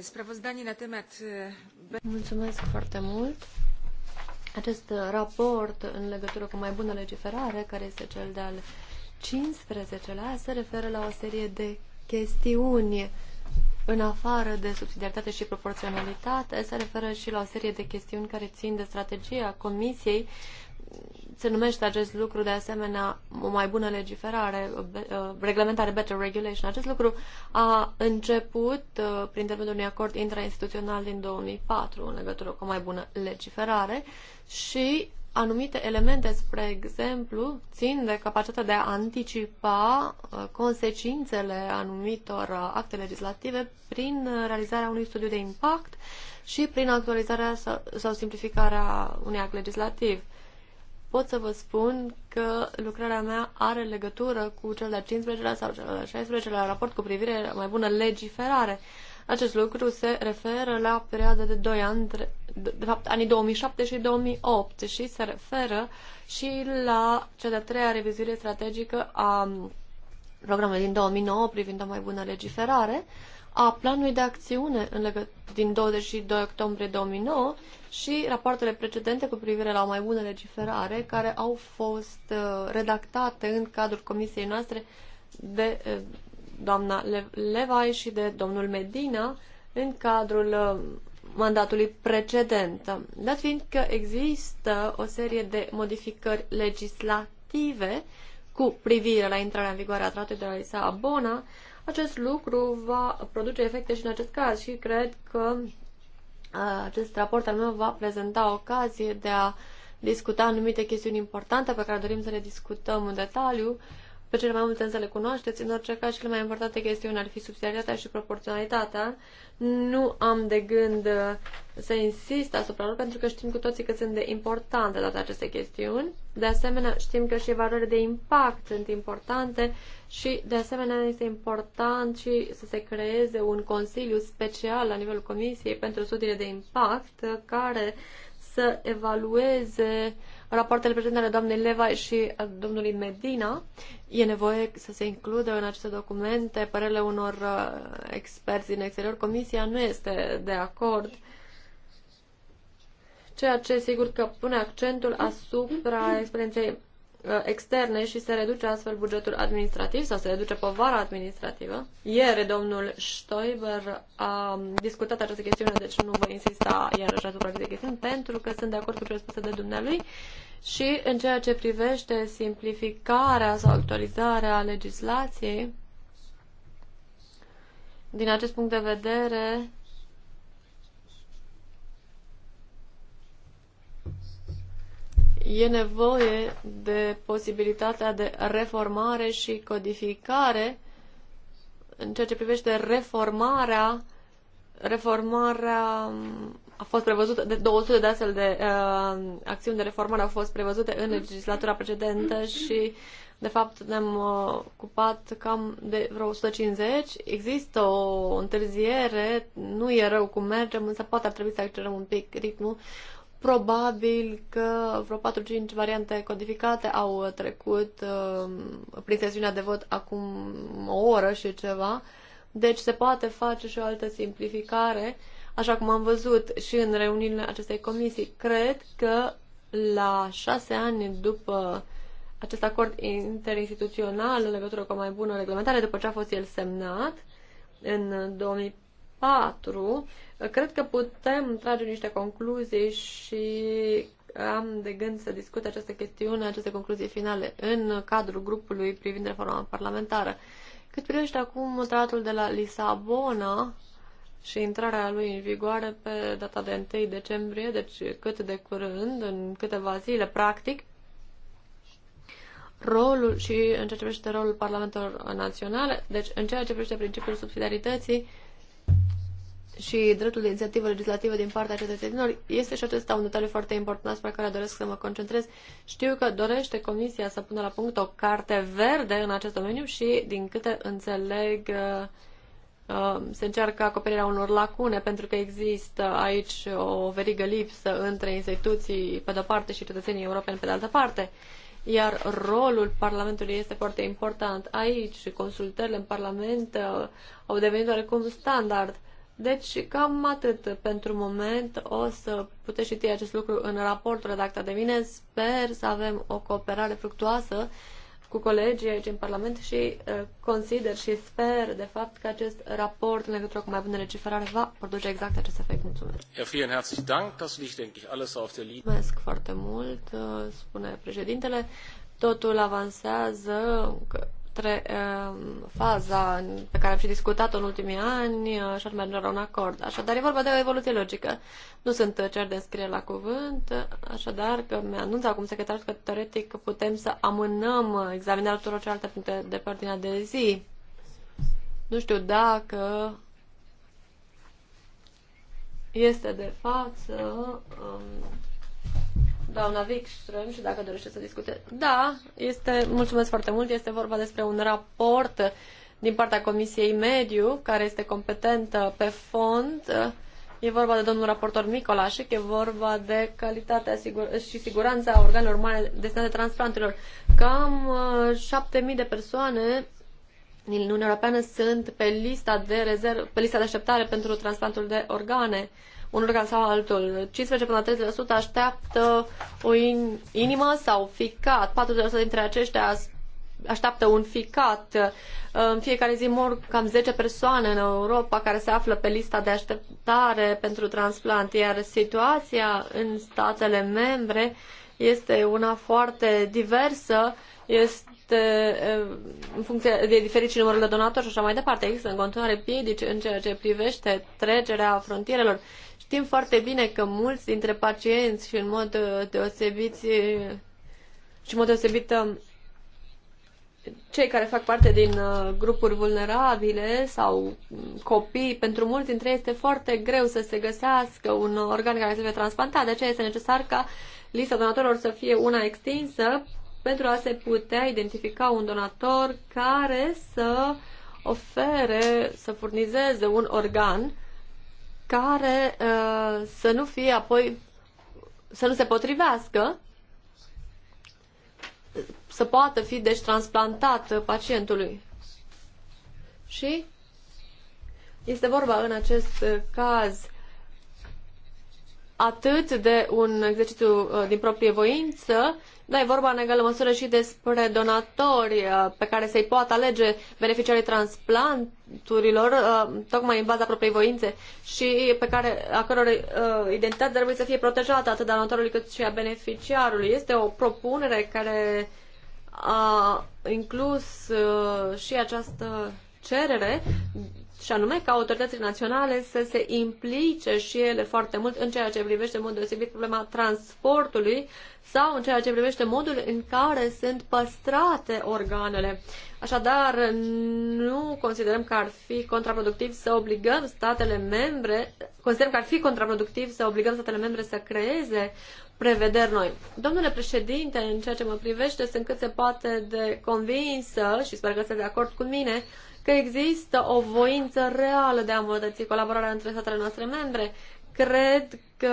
Sprawozdanie na temat... Mulțumesc foarte mult acest raport în legătură cu mai bună legiferare, care este cel de-al 15-lea, se referă la o serie de chestiuni în afară de subsidiaritate și proporționalitate, se referă și la o serie de chestiuni care țin de strategia Comisiei se numește acest lucru de asemenea o mai bună legiferare, uh, reglementare, better regulation. Acest lucru a început uh, prin intermediul unui acord intrainstituțional din 2004 în legătură cu o mai bună legiferare și anumite elemente, spre exemplu, țin de capacitatea de a anticipa uh, consecințele anumitor acte legislative prin realizarea unui studiu de impact și prin actualizarea sau simplificarea unui act legislativ pot să vă spun că lucrarea mea are legătură cu cel de-al 15-lea sau cel de-al 16-lea raport cu privire la mai bună legiferare. Acest lucru se referă la perioada de 2 ani, de fapt anii 2007 și 2008 și se referă și la cea de-a treia revizuire strategică a programului din 2009 privind o mai bună legiferare, a planului de acțiune în legă- din 22 octombrie 2009 și rapoartele precedente cu privire la o mai bună legiferare care au fost uh, redactate în cadrul comisiei noastre de uh, doamna Le- Levai și de domnul Medina în cadrul uh, mandatului precedent. Dat fiind că există o serie de modificări legislative uh, cu privire la intrarea în vigoare a tratatului de la Lisabona, acest lucru va produce efecte și în acest caz și cred că uh, acest raport al meu va prezenta ocazie de a discuta anumite chestiuni importante pe care dorim să le discutăm în detaliu pe cele mai multe să le cunoașteți. În orice caz, cele mai importante chestiuni ar fi subsidiaritatea și proporționalitatea. Nu am de gând uh, să insist asupra lor, pentru că știm cu toții că sunt de importante toate aceste chestiuni. De asemenea, știm că și valorile de impact sunt importante și, de asemenea, este important și să se creeze un consiliu special la nivelul Comisiei pentru studiile de impact, uh, care să evalueze uh, rapoartele prezente ale doamnei Leva și a domnului Medina. E nevoie să se includă în aceste documente părerile unor uh, experți din exterior. Comisia nu este de acord ceea ce sigur că pune accentul asupra experienței uh, externe și se reduce astfel bugetul administrativ sau se reduce povara administrativă. Ieri domnul Stoiber a discutat această chestiune, deci nu voi insista iarăși asupra acestei chestiuni, pentru că sunt de acord cu ce spuse de dumnealui și în ceea ce privește simplificarea sau actualizarea legislației, din acest punct de vedere, e nevoie de posibilitatea de reformare și codificare în ceea ce privește reformarea reformarea a fost prevăzut, de 200 de astfel de uh, acțiuni de reformare au fost prevăzute în legislatura precedentă și, de fapt, ne-am uh, ocupat cam de vreo 150. Există o întârziere, nu e rău cum mergem, însă poate ar trebui să accelerăm un pic ritmul. Probabil că vreo 4-5 variante codificate au trecut uh, prin sesiunea de vot acum o oră și ceva, deci se poate face și o altă simplificare. Uh, așa cum am văzut și în reuniunile acestei comisii. Cred că la șase ani după acest acord interinstituțional în legătură cu o mai bună reglementare, după ce a fost el semnat în 2004, cred că putem trage niște concluzii și am de gând să discut această chestiune, aceste concluzii finale în cadrul grupului privind reforma parlamentară. Cât privește acum tratatul de la Lisabona, și intrarea lui în vigoare pe data de 1 decembrie, deci cât de curând, în câteva zile, practic, rolul și în ceea ce privește rolul parlamentelor naționale, deci în ceea ce privește principiul subsidiarității și dreptul de inițiativă legislativă din partea cetățenilor, este și acesta un detaliu foarte important asupra care doresc să mă concentrez. Știu că dorește Comisia să pună la punct o carte verde în acest domeniu și, din câte înțeleg, Uh, se încearcă acoperirea unor lacune, pentru că există aici o verigă lipsă între instituții pe de-o parte și cetățenii europeni pe de altă parte. Iar rolul Parlamentului este foarte important. Aici, consultările în Parlament uh, au devenit oarecum standard. Deci, cam atât pentru moment. O să puteți citi acest lucru în raportul redactat de mine. Sper să avem o cooperare fructuoasă cu colegii aici în Parlament și uh, consider și sper, de fapt, că acest raport în legătură cu mai bună legiferare va produce exact acest efect. Mulțumesc! Mulțumesc foarte mult, uh, spune președintele. Totul avansează, tre- ehm, faza pe care am și discutat-o în ultimii ani uh, și ar merge la un acord. Așadar, e vorba de o evoluție logică. Nu sunt uh, cer de înscriere la cuvânt, uh, așadar că mi-anunță acum secretarul că teoretic putem să amânăm examinarea tuturor celelalte puncte de pe ordinea de zi. Nu știu dacă este de față um, doamna Wikström și dacă dorește să discute. Da, este, mulțumesc foarte mult, este vorba despre un raport din partea Comisiei Mediu, care este competentă pe fond. E vorba de domnul raportor Micolașic, e vorba de calitatea și siguranța organelor mare destinate transplanturilor. Cam 7.000 uh, de persoane din Uniunea Europeană sunt pe lista de rezerv, pe lista de așteptare pentru transplantul de organe unul ca sau altul. 15 până la 30% așteaptă o in, inimă sau ficat. 40% dintre aceștia așteaptă un ficat. În fiecare zi mor cam 10 persoane în Europa care se află pe lista de așteptare pentru transplant, iar situația în statele membre este una foarte diversă, este eh, în funcție de diferiți numărul de donatori și așa mai departe. Există în continuare piedici în ceea ce privește trecerea frontierelor Știm foarte bine că mulți dintre pacienți și în mod uh, deosebit uh, și în mod deosebit um, cei care fac parte din uh, grupuri vulnerabile sau mm, copii, pentru mulți dintre ei este foarte greu să se găsească un organ care să fie transplantat, de aceea este necesar ca lista donatorilor să fie una extinsă pentru a se putea identifica un donator care să ofere, să furnizeze un organ care uh, să nu fie apoi, să nu se potrivească, să poată fi deci transplantat pacientului. Și este vorba în acest caz atât de un exercițiu uh, din proprie voință, da, e vorba în egală măsură și despre donatori uh, pe care să-i poată alege beneficiarii transplanturilor, uh, tocmai în baza propriei voințe și pe care, a căror uh, identitate trebuie să fie protejată atât a donatorului cât și a beneficiarului. Este o propunere care a inclus și această cerere și anume ca autoritățile naționale să se implice și ele foarte mult în ceea ce privește în mod deosebit problema transportului sau în ceea ce privește modul în care sunt păstrate organele. Așadar, nu considerăm că ar fi contraproductiv să obligăm statele membre, considerăm că ar fi contraproductiv să obligăm statele membre să creeze prevederi noi. Domnule președinte, în ceea ce mă privește, sunt cât se poate de convinsă și sper că este de acord cu mine că există o voință reală de a îmbunătăți colaborarea între statele noastre membre. Cred că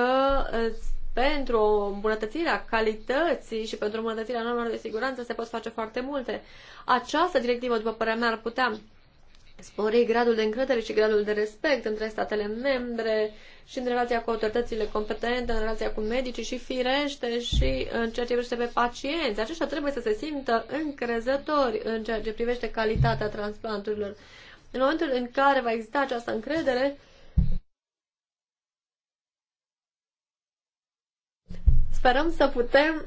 eh, pentru îmbunătățirea calității și pentru îmbunătățirea normelor de siguranță se pot face foarte multe. Această directivă, după părerea mea, ar putea sporei gradul de încredere și gradul de respect între statele membre și în relația cu autoritățile competente, în relația cu medicii și firește și în ceea ce privește pe pacienți. Aceștia trebuie să se simtă încrezători în ceea ce privește calitatea transplanturilor. În momentul în care va exista această încredere, sperăm să putem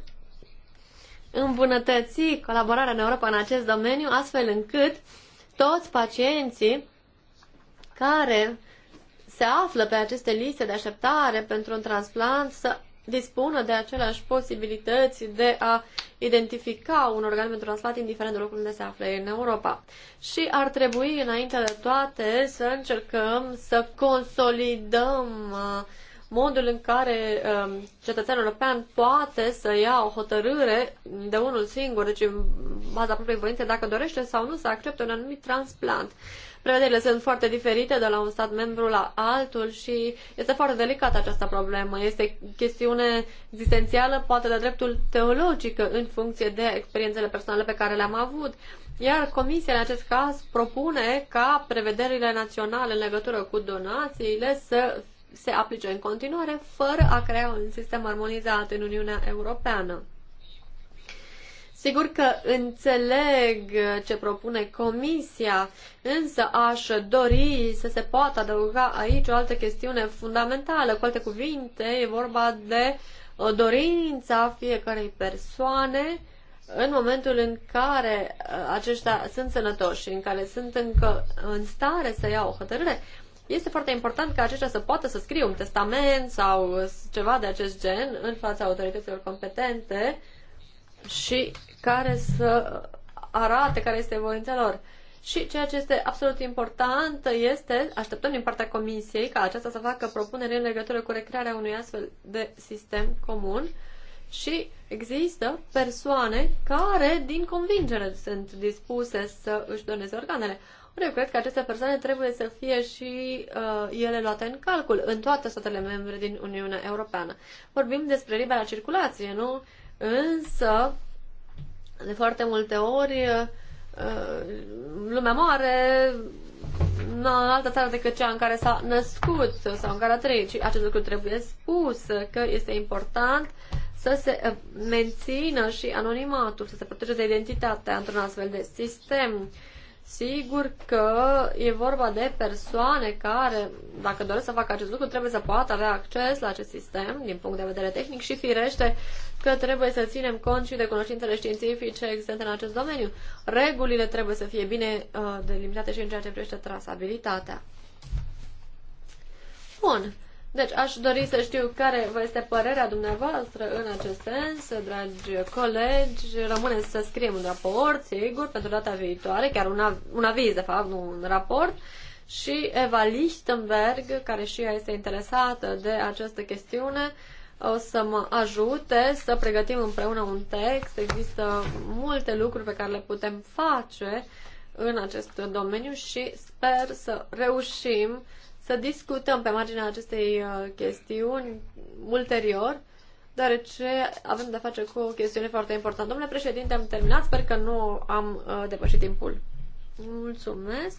îmbunătăți colaborarea în Europa în acest domeniu, astfel încât toți pacienții care se află pe aceste liste de așteptare pentru un transplant să dispună de aceleași posibilități de a identifica un organ pentru transplant, indiferent de locul unde se află în Europa. Și ar trebui, înainte de toate, să încercăm să consolidăm uh, modul în care um, cetățeanul european poate să ia o hotărâre de unul singur, deci în baza propriei voințe, dacă dorește sau nu să accepte un anumit transplant. Prevederile sunt foarte diferite de la un stat membru la altul și este foarte delicată această problemă. Este chestiune existențială, poate de dreptul teologică, în funcție de experiențele personale pe care le-am avut. Iar Comisia, în acest caz, propune ca prevederile naționale în legătură cu donațiile să se aplice în continuare, fără a crea un sistem armonizat în Uniunea Europeană. Sigur că înțeleg ce propune Comisia, însă aș dori să se poată adăuga aici o altă chestiune fundamentală. Cu alte cuvinte, e vorba de uh, dorința fiecarei persoane în momentul în care uh, aceștia sunt sănătoși și în care sunt încă în stare să ia o hotărâre, este foarte important ca aceștia să poată să scrie un testament sau ceva de acest gen în fața autorităților competente și care să arate care este voința lor. Și ceea ce este absolut important este, așteptăm din partea Comisiei ca aceasta să facă propuneri în legătură cu recrearea unui astfel de sistem comun și există persoane care, din convingere, sunt dispuse să își doneze organele. Ori eu cred că aceste persoane trebuie să fie și uh, ele luate în calcul în toate statele membre din Uniunea Europeană. Vorbim despre libera circulație, nu? Însă, de foarte multe ori, uh, lumea moare în altă țară decât cea în care s-a născut sau în care a trăit. Și acest lucru trebuie spus, că este important să se uh, mențină și anonimatul, să se protejeze identitatea într-un astfel de sistem. Uh, Sigur că e vorba de persoane care, dacă doresc să facă acest lucru, trebuie să poată avea acces la acest sistem din punct de vedere tehnic și firește că trebuie să ținem cont și de cunoștințele științifice existente în acest domeniu. Regulile trebuie să fie bine uh, delimitate și în ceea ce privește trasabilitatea. Bun. Deci aș dori să știu care vă este părerea dumneavoastră în acest sens, dragi colegi. Rămâne să scriem un raport, sigur, pentru data viitoare, chiar un, av- un aviz, de fapt, nu un raport. Și Eva Lichtenberg, care și ea este interesată de această chestiune, o să mă ajute să pregătim împreună un text. Există multe lucruri pe care le putem face în acest domeniu și sper să reușim să discutăm pe marginea acestei uh, chestiuni ulterior, deoarece avem de face cu o chestiune foarte importantă. Domnule președinte, am terminat, sper că nu am uh, depășit timpul. Mulțumesc.